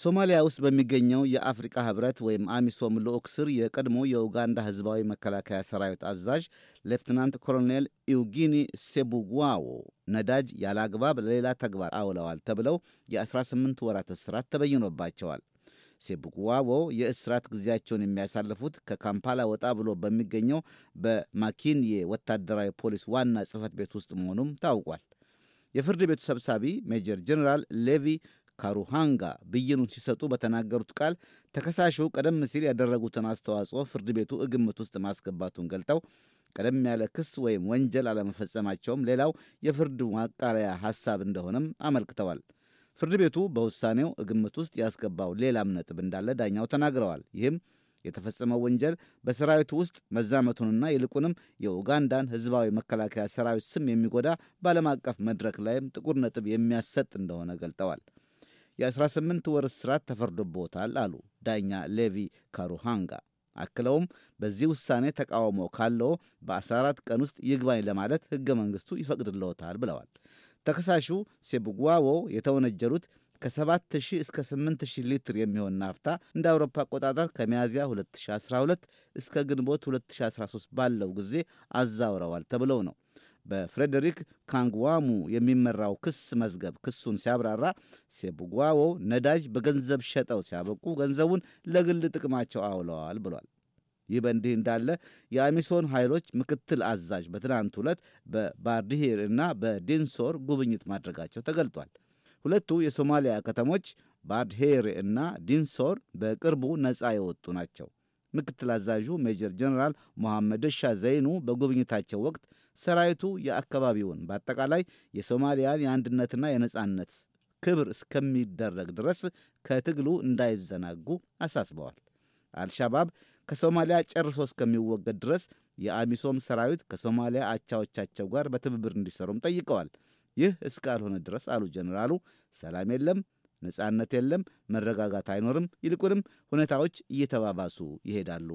ሶማሊያ ውስጥ በሚገኘው የአፍሪካ ህብረት ወይም አሚሶም ልዑክ ስር የቀድሞ የኡጋንዳ ህዝባዊ መከላከያ ሰራዊት አዛዥ ሌፍትናንት ኮሎኔል ኢውጊኒ ሴቡጓዎ ነዳጅ ያለ አግባብ ለሌላ ተግባር አውለዋል ተብለው የ18 ወራት እስራት ተበይኖባቸዋል። ሴቡጓዎ የእስራት ጊዜያቸውን የሚያሳልፉት ከካምፓላ ወጣ ብሎ በሚገኘው በማኪንዬ ወታደራዊ ፖሊስ ዋና ጽህፈት ቤት ውስጥ መሆኑም ታውቋል። የፍርድ ቤቱ ሰብሳቢ ሜጀር ጀኔራል ሌቪ ካሩሃንጋ ብይኑን ሲሰጡ በተናገሩት ቃል ተከሳሹ ቀደም ሲል ያደረጉትን አስተዋጽኦ ፍርድ ቤቱ ግምት ውስጥ ማስገባቱን ገልጠው ቀደም ያለ ክስ ወይም ወንጀል አለመፈጸማቸውም ሌላው የፍርድ ማቃለያ ሐሳብ እንደሆነም አመልክተዋል። ፍርድ ቤቱ በውሳኔው ግምት ውስጥ ያስገባው ሌላም ነጥብ እንዳለ ዳኛው ተናግረዋል። ይህም የተፈጸመው ወንጀል በሰራዊቱ ውስጥ መዛመቱንና ይልቁንም የኡጋንዳን ሕዝባዊ መከላከያ ሰራዊት ስም የሚጎዳ በዓለም አቀፍ መድረክ ላይም ጥቁር ነጥብ የሚያሰጥ እንደሆነ ገልጠዋል። የ18 ወር እስራት ተፈርዶቦታል አሉ ዳኛ ሌቪ ካሩሃንጋ። አክለውም በዚህ ውሳኔ ተቃውሞ ካለው በ14 ቀን ውስጥ ይግባኝ ለማለት ሕገ መንግሥቱ ይፈቅድልዎታል ብለዋል። ተከሳሹ ሴቡጓዎ የተወነጀሉት ከ7000 እስከ 8000 ሊትር የሚሆን ናፍታ እንደ አውሮፓ አቆጣጠር ከሚያዝያ 2012 እስከ ግንቦት 2013 ባለው ጊዜ አዛውረዋል ተብለው ነው። በፍሬዴሪክ ካንግዋሙ የሚመራው ክስ መዝገብ ክሱን ሲያብራራ ሴቡጓዎ ነዳጅ በገንዘብ ሸጠው ሲያበቁ ገንዘቡን ለግል ጥቅማቸው አውለዋል ብሏል። ይህ በእንዲህ እንዳለ የአሚሶን ኃይሎች ምክትል አዛዥ በትናንት ሁለት በባርዲሂር እና በዲንሶር ጉብኝት ማድረጋቸው ተገልጧል። ሁለቱ የሶማሊያ ከተሞች ባርድሄር እና ዲንሶር በቅርቡ ነፃ የወጡ ናቸው። ምክትል አዛዡ ሜጀር ጀነራል ሞሐመድ ሻ ዘይኑ በጉብኝታቸው ወቅት ሰራዊቱ የአካባቢውን በአጠቃላይ የሶማሊያን የአንድነትና የነጻነት ክብር እስከሚደረግ ድረስ ከትግሉ እንዳይዘናጉ አሳስበዋል። አልሻባብ ከሶማሊያ ጨርሶ እስከሚወገድ ድረስ የአሚሶም ሰራዊት ከሶማሊያ አቻዎቻቸው ጋር በትብብር እንዲሰሩም ጠይቀዋል። ይህ እስካልሆነ ድረስ አሉ ጀኔራሉ፣ ሰላም የለም፣ ነጻነት የለም፣ መረጋጋት አይኖርም። ይልቁንም ሁኔታዎች እየተባባሱ ይሄዳሉ።